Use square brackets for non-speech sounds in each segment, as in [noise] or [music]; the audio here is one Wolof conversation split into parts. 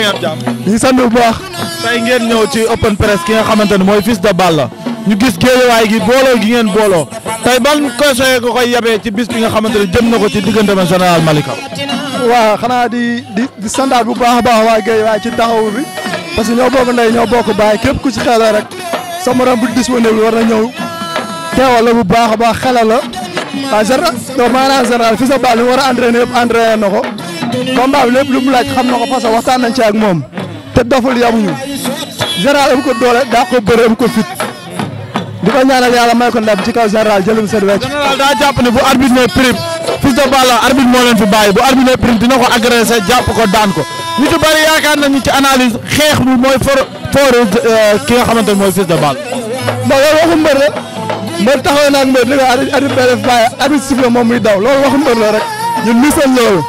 yaa ngi am jàmm. ñu sant bu baax. tey ngeen ñëw ci open press ki nga xamante ne mooy Fils de Balla ñu gis géejewaay gi booloo gi ngeen booloo tey ban conseil nga koy yabee ci bis bi nga xamante ne jëm na ko ci diggante ma général Malika. waaw xanaa di di di sandaat bu baax a baax waa géejewaay ci taxawu bi parce que ñoo bokk ndey ñoo bokk baay képp ku ci xelal rek sa morom bu disponible war na ñëw teewal bu baax a baax la. waaw général maanaam général Fils de Balla li a combat bi lépp lu mu laaj xam na ko parce que waxtaan nañ ci ak moom te doful yamuñu général am ko doole daa ko bëre am ko fit di ko ñaanal yàlla may ko ndam ci kaw général jëlum seen wecc. général daa jàpp ne bu arbitre ne prime Fils de Balla arbitre moo leen fi bàyyi bu arbitre ne prime dina ko agressé jàpp ko daan ko ñu ci bëri yaakaar nañu ci analyse xeex bi mooy for euh, ki nga xamante mooy Fils de Balla. bon loolu waxu mbër la mbër taxaw na ak mbër li nga arbitre def bàyyi arbitre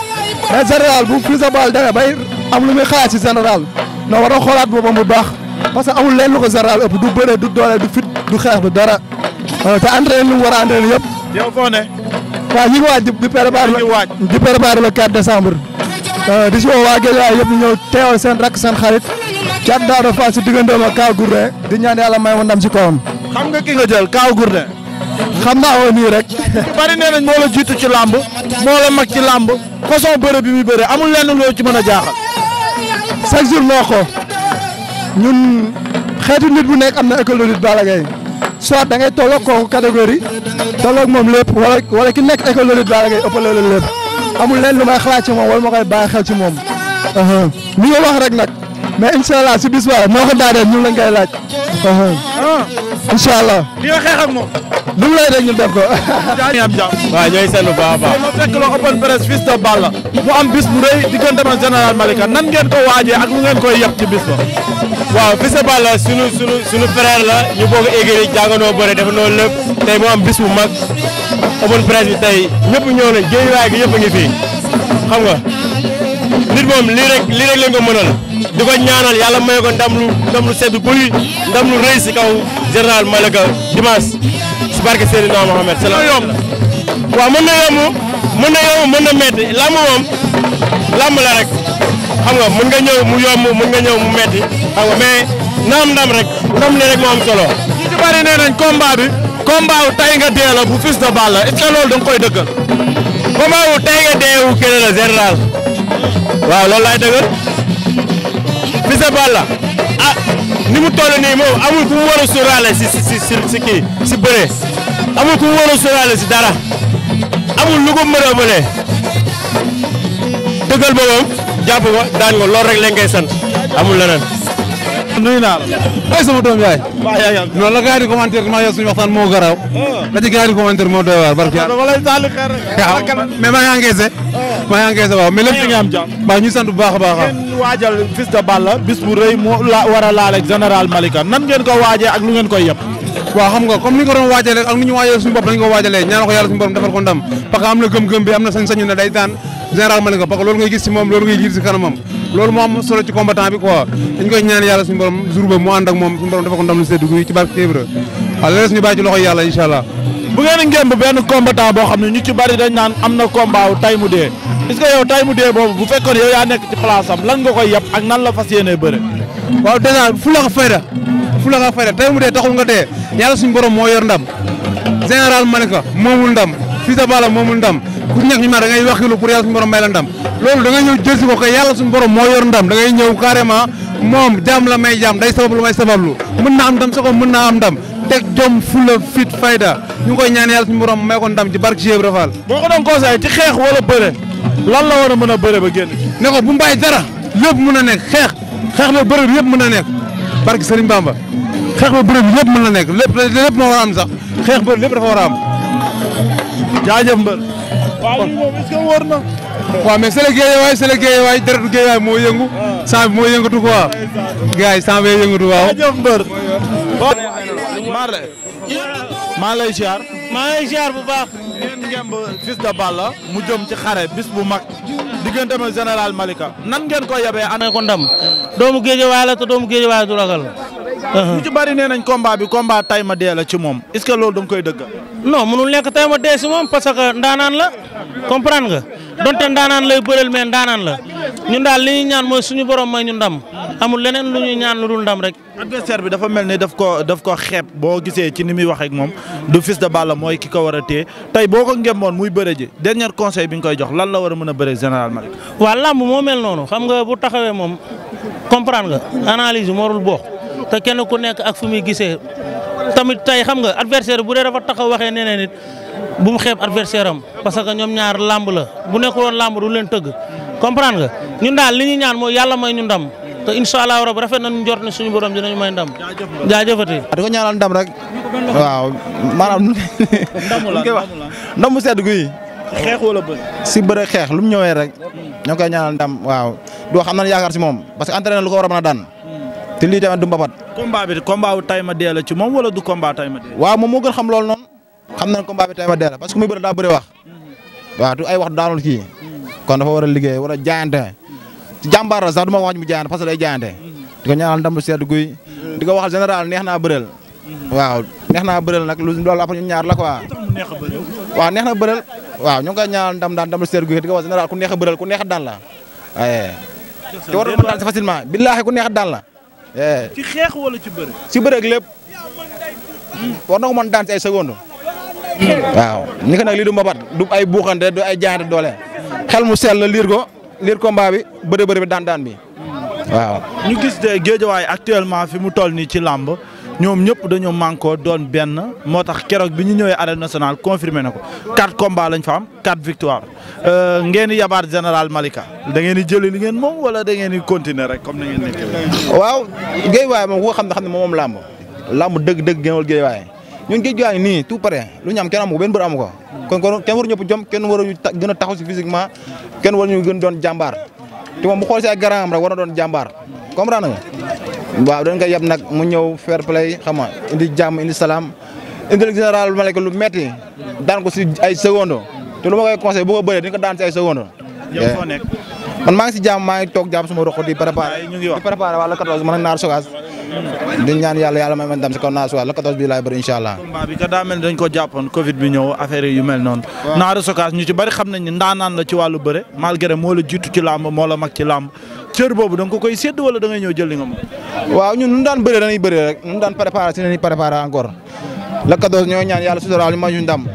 mais général bu Fils de Balla demee bay am lu muy xalaat ci général non war na xoolaat boppam bu baax parce que amul leen lu ko général ëpp du bëre du doole du fit du xeex du dara te entraîné lu mu war a entraîné yëpp. yow foo ne. waaw ñu ngi waaj di di préparer di préparer le 4 di si woo waa Guédiawaye yëpp ñu ñëw teewal seen rakk seen xarit Thiat Daouda Fall si digganteem ak Kaw di ñaan yàlla may ma ndam si kawam. xam nga ki nga jël Kaw Gourdin. xam naa woon nii rek. bari nee façon bëre bi muy bëre amul lenn loo ci mën a jaaxal. chaque jour noo ko ñun xeetu nit bu nekk am na école de lutte soit da ngay tolloo kooku catégorie moom lépp wala wala ki nekk école de lutte Balla Gaye ëppale la lépp amul lenn lu may xalaat ci moom wala ma koy bàyyi xel ci moom. Uh-huh. li nga wax rek nag mais incha si bis ba moo ko daaneel ñun lañ koy laaj. Uh-huh. Ah. incha allah. li nga moom. du mu lay rek ñu def ko. [laughs] waaw ñooy seen bu baax a baax. ma fekk la open press fils de Balla mu am bis bu rëy diggante ma général Malika nan ngeen ko waajee ak lu ngeen koy yëpp ci bis ba. waaw fils de Balla sunu sunu sunu frère la ñu bokk écurie jàngandoo bëre dafa noonu lépp tey mu am bis bu mag open press bi tey ñëpp ñëw na géej waay gi yëpp a ngi fii xam nga nit moom lii rek lii rek lañ di ko ñaanal yàlla ma ko ndam lu ndam lu sedd buy ndam lu rëy si kaw général Malika dimanche. si barke Seydina Mohamed. mën na yomb mën na yomb mën na yomb mën na métti làmb moom rek xam nga mën nga ñëw mu yomb mën nga ñëw mu métti xam nga mais naam ndam rek ndam li rek moo solo. ñi bari nee nañ combat bi. combat wu tay nga dee la bu Fils de Balla est-ce que loolu da koy dëggal. combat tay nga dee wu la général waaw loolu laay dëggal Fils de ni mu toll nii moom amul ku mu war a si si si si ki si bëre amul ku mu war a si dara amul lu ko mën a bële dëggal boppam jàpp daan ko loolu rek lañ koy sant amul leneen. nuyu naa la. ay sama doom yaay. waaw la gars yi moo garaaw. Oh. la ci gars moo doy waar barki ah, yàlla. maa ngi encaissé. Oh. maa ngi encaissé waaw mais lépp nga am jàmm. waaw ñu sant bu baax a baax. ngeen waajal Fils de Balla bis ko waajee ak lu koy yeb. waaw xam ko doon waajalee ak ni ñu waajalee suñu bopp dañu ko waajalee ñaanal ko yàlla am na gëm am na sañ-sañu ne day daan Malika parce que loolu ngay gis si moom loolu ngay gis si kanamam loolu moo am solo ci combattant bi quoi dañ ñaan yàlla suñu borom jour boobu mu ànd ak moom suñu borom dafa ko ndam lu sedd gu ci barke Ibra waaw léeg ñu bàyyi ci loxoy yàlla incha ngeen ngémb benn combattant boo xam ne ñu ci bari dañ naan am na combat tay mu dee est yow tay mu dee boobu bu fekkoon yow yaa nekk ci place am lan nga koy yab ak nan la fas yéenee bëre waaw dèjà fu la ko fayda fu la ko fayda tay mu dee taxul nga dee yàlla suñu borom moo yor ndam général Malika moomul ndam Fils de Balla moomul ndam ku ñax ñu ma da ngay waxilu pour yàlla may la ndam loolu da ñëw jël ko kay yàlla suñu moo yor ndam da ngay ñëw carrément moom jaam la may jaam day sabablu may sabablu mën naa am ndam sa ko mën naa am ndam teg jom fula fit fayda ñu ngi ñaan yàlla suñu may ko ndam ci barke Cheikh Ibra Fall boo ko doon conseillé ci xeex wala bëre lan la war a mën a bëre ba génn ne ko bu mbàyyi dara lépp mën a nekk xeex xeex ba bëre bi mën a nekk barke Serigne Bamba xeex ba bëre bi yëpp mën a nekk lépp lépp sax xeex bëre lépp dafa am jaajëf mbër. waaw lii moom est-ce que wóor na. waaw mais c'est le géejewaay moo yëngu. Ah. sang bi moo yëngatu quoi. gars yi sang bee yëngatu waaw. mbër. Marley. maa lay ziar. maa lay ziar bu baax. ngeen mu jëm ci xare bis bu mag. diggante ma général Malika. nan ngeen ko yebee amee ko ndam. doomu géejewaay la te doomu géejewaay du ragal. Uh-huh. ñu ci bari nee nañ combat bi combat tay ma dee la ci moom est-ce que loolu da nga koy dëgg. non mënul nekk tay dee si moom parce ndaanaan la comprendre nga donte ndaanaan lay bëreel mais ndaanaan la ñu daal li ñuy ñaan mooy suñu borom may ñu ndam amul leneen lu ñuy ñaan lu dul ndam rek. adversaire bi dafa mel ni daf ko daf ko xeeb boo gisee ci ni muy wax ak moom du Fils de Balla mooy ki ko war a téye tey boo ko ngémmoon muy bëre ji dernier conseil bi nga koy jox lan la war a mën a bëre général moo mel noonu xam nga bu taxawee moom comprendre nga analyse moo dul te kenn ku nekk ak fu muy gisee tamit tey xam nga adversaire bu dee dafa taxaw waxee nee nit bu mu xeeb adversaire am parce que ñoom ñaar làmb la bu nekkul woon làmb du leen tëgg comprendre nga ñun daal li ñu ñaan mooy yàlla may ñu ndam te incha allah rabi rafet nañu njort ne suñu borom dinañu may ndam. jaajëfati di ko ñaanal ndam rek waaw maanaam. [laughs] ndamu la ndamu sedd guy. xeex wala bëri. si bëre xeex lu mu ñëwee rek. ñoo koy ñaanal ndam waaw. du wax na nañu yaakaar moom parce que entraîneur lu ko war te lii tamit du mbapat. combat bi combat wu tay ma ci moom wala du combat tay ma dee. waaw moom moo gën xam loolu noonu. xam nañ kom bi tay ma dee muy bëri daa bëri wax. Mhm. waaw du ay wax daanul kii. Mhm. kon dafa war a liggéey war a jaayante. Mhm. ci jàmbaar la sax du ma wax mu jaayante parce que day jaayante. di ko ñaanal ndam neex naa bëreel. waaw naa bëreel nag lu loolu après ñaar la quoi. waaw neex na bëreel. waaw ñu ngi koy ñaanal ndam daan ndam lu sedd guy di wax général ku neex a ku neex a daan la. te war na daan si facilement billaahi ku neex a daan la Eh. ci xeex wala ci bëre. ci bëre ak lépp. war na ko mën daan ci ay secondes. waaw ni ko nag lii du mbabat ay buuxante du ay jaante doole. xel mu sell liir go liir combat bi bëre bëre bi daan daan bi waaw. ñu gis de géejawaay actuellement fi mu toll nii ci làmb. ñoom ñëpp dañoo mànkoo doon benn moo tax keroog bi ñu ñëwee arène nationale confirmé na ko quatre combats lañ fa am quatre victoire euh, ngeen di yabaat général Malika da ngeen di jëli li ngeen moom wala da ngeen di continuer rek kom ni nekkee. waaw géej waaye moom ku ko xam ne xam ne moom lamb làmb dëgg dëgg gënal géej waaye ñun géej waaye nii tout pare lu ñu am kenn amu ko benn bër amu ko kon kon kenn waruñu ñëpp jom kenn waruñu gën a taxaw si physiquement kenn waruñu gën doon jàmbaar. te moom bu xool war doon jàmbaar comprendre nga waaw dañ koy yab nag mu ñëw fair play xam nga indi jàmm indi salaam indi général ma lu metti daan ko si ay secondes te lu ma koy conseil ko daan si ay secondes. yow eh. foo nekk man maa ngi si jàmm maa ngi toog jàmm suma roq di préparé. man ak Naar di ñaan yàlla yàlla may man dam si kaw naasuwaat la 14 bi laay bëri incha bi ka daa mel dañ ko ñu ci bëri xam nañ ne ndaanaan la ci wàllu bëre malgré moo la jiitu ci làmb moo la mag ci làmb cër boobu da ko koy sédd wala da ngay jël li nga moom. waaw ñun nu daan bëree dañuy bëree rek nu daan préparé si ne nii encore la 14 ñoo ñaan yàlla suturaal ñu ma ñu ndam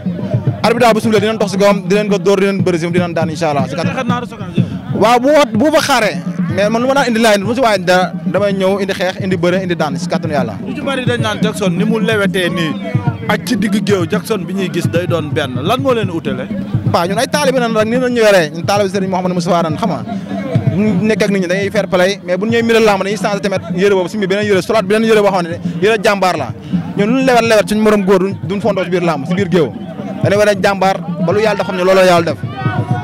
arbitre bu suulee dinañ tox si kawam dinañ ko dóor si dinañ daan incha allah. waaw bu bu mais man lu ma daan indi laay nit mu si waaye dara damay ñëw indi xeex indi bëre indi daan si kàttanu yàlla. ñu ci dañ naan Jackson ni mu lewetee nii ak géew Jackson bi ñuy gis day doon benn lan moo leen utale. waaw ñun ay taalibe nan rek nii la ñu yoree ñun taalibe Serigne Mouhamadou Moustapha nan xam nga ñu nekk ak nit ñi bu ñu ñëwee miral làmb dañuy changé tamit yére boobu suñu beneen yére solaat beneen yére boo xam ne yére jàmbaar la ñun lu lewet lewet suñu morom góor duñ def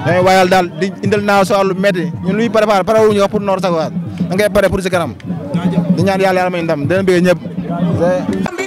dangay waayal daal di indil naa sa wàllu métti ñun luy préparé préparé wu ñu wax pour noor sax waat da ngay pare pour si kanam di ñaan yàlla yàlla may ndam dina bëgg ñëpp